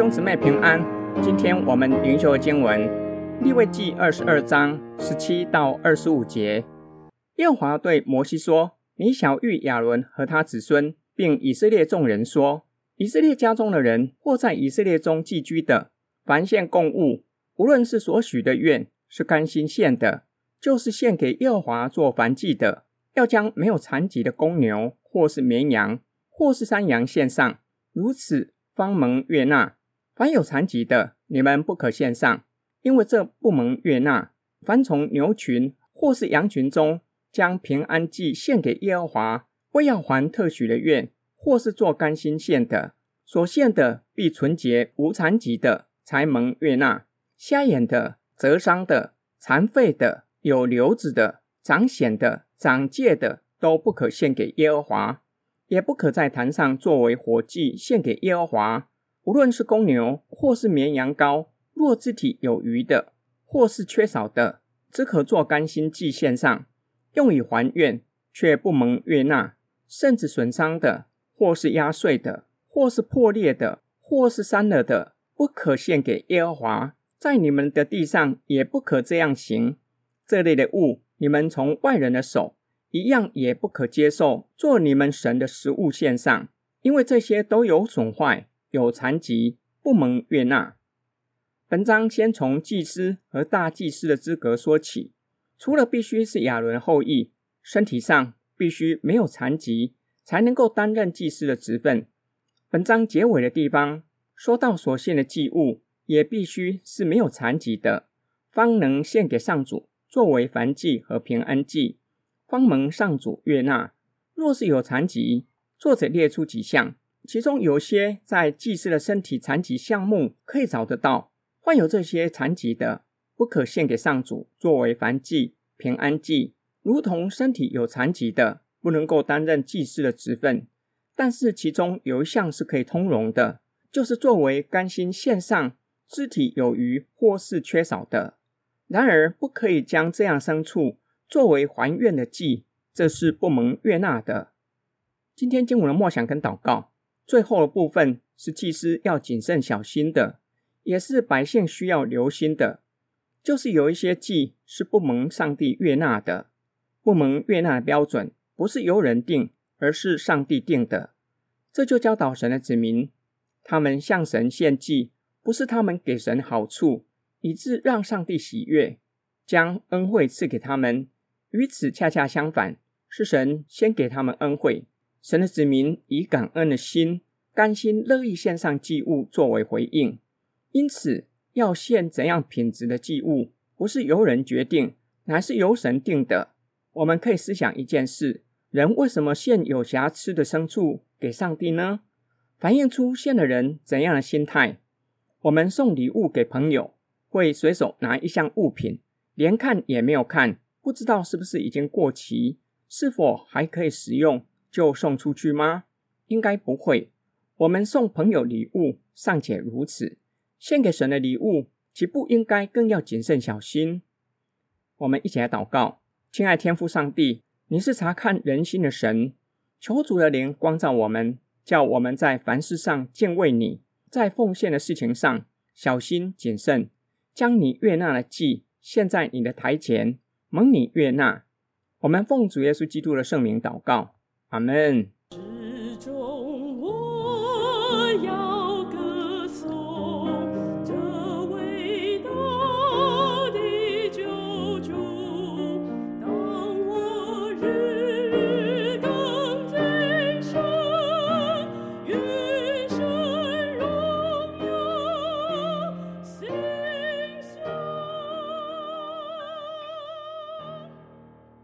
兄姊妹平安，今天我們靈修的經文《利未記》二十二章十七到二十五節。耶和華對摩西說：“你曉諭亞倫和他子孫，並以色列眾人說：以色列家中的人或在以色列中寄居的，凡獻供物，無論是所許的願，是甘心獻的，就是獻給耶和華做燔祭的，要將沒有殘疾的公牛，或是綿羊，或是山羊獻上，如此方蒙悅納。”凡有殘疾的，你們不可獻上，因為這不蒙悅納。凡從牛群或是羊群中將平安祭獻給耶和華，為要還特許的願，或是做甘心獻的，所獻的必純潔無殘疾的，才蒙悅納。瞎眼的、折傷的、殘廢的、有瘤子的、長癬的、長疥的，都不可獻給耶和華，也不可在壇上作為火祭獻給耶和華。無論是公牛或是綿羊羔，若肢體有餘的，或是缺少的，只可作甘心祭獻上，用以還願，卻不蒙悅納。腎子損傷的，或是壓碎的，或是破裂的，或是騸了的，不可獻給耶和華。在你們的地上也不可這樣行。這類的物，你們從外人的手一樣也不可接受，作你們神的食物獻上，因為這些都有損壞。有殘疾不蒙悅納。本章先從祭司和大祭司的資格說起，除了必須是亞倫後裔，身體上必須沒有殘疾，才能夠擔任祭司的職份。本章結尾的地方說到所獻的祭物也必須是沒有殘疾的，方能獻給上主作為燔祭和平安祭，方蒙上主悅納。若是有殘疾，作者列出幾項。其中有些在祭司的身體殘疾項目可以找得到，患有這些殘疾的不可獻給上主作為燔祭平安祭，如同身體有殘疾的不能夠擔任祭司的職分。但是其中有一項是可以通融的，就是作為甘心獻上肢體有餘或是缺少的。然而不可以將這樣牲畜作為還願的祭，這是不蒙悅納的。今天經文的默想跟禱告。最後的部分是祭司要謹慎小心的，也是百姓需要留心的。就是有一些祭是不蒙上帝悅納的，不蒙悅納的標準不是由人定，而是上帝定的。這就教導神的子民，他們向神獻祭，不是他們給神好處，以致讓上帝喜悅，將恩惠賜給他們。與此恰恰相反，是神先給他們恩惠。神的子民以感恩的心，甘心樂意獻上祭物作為回應。因此，要獻怎樣品質的祭物，不是由人決定，乃是由神定的。我們可以思想一件事：人為什麼獻有瑕疵的牲畜給上帝呢？反映出獻的人怎樣的心態？我們送禮物給朋友，會隨手拿一項物品，連看也沒有看，不知道是不是已經過期，是否還可以使用？就送出去嗎？應該不會。我們送朋友禮物尚且如此，獻給神的禮物，豈不應該更要謹慎小心？我們一起來禱告，親愛天父上帝，你是察看人心的神，求主的靈光照我們，叫我們在凡事上敬畏你，在奉獻的事情上小心謹慎，將你悅納的祭獻在你的台前，蒙你悅納。我們奉主耶穌基督的聖名禱告。阿門！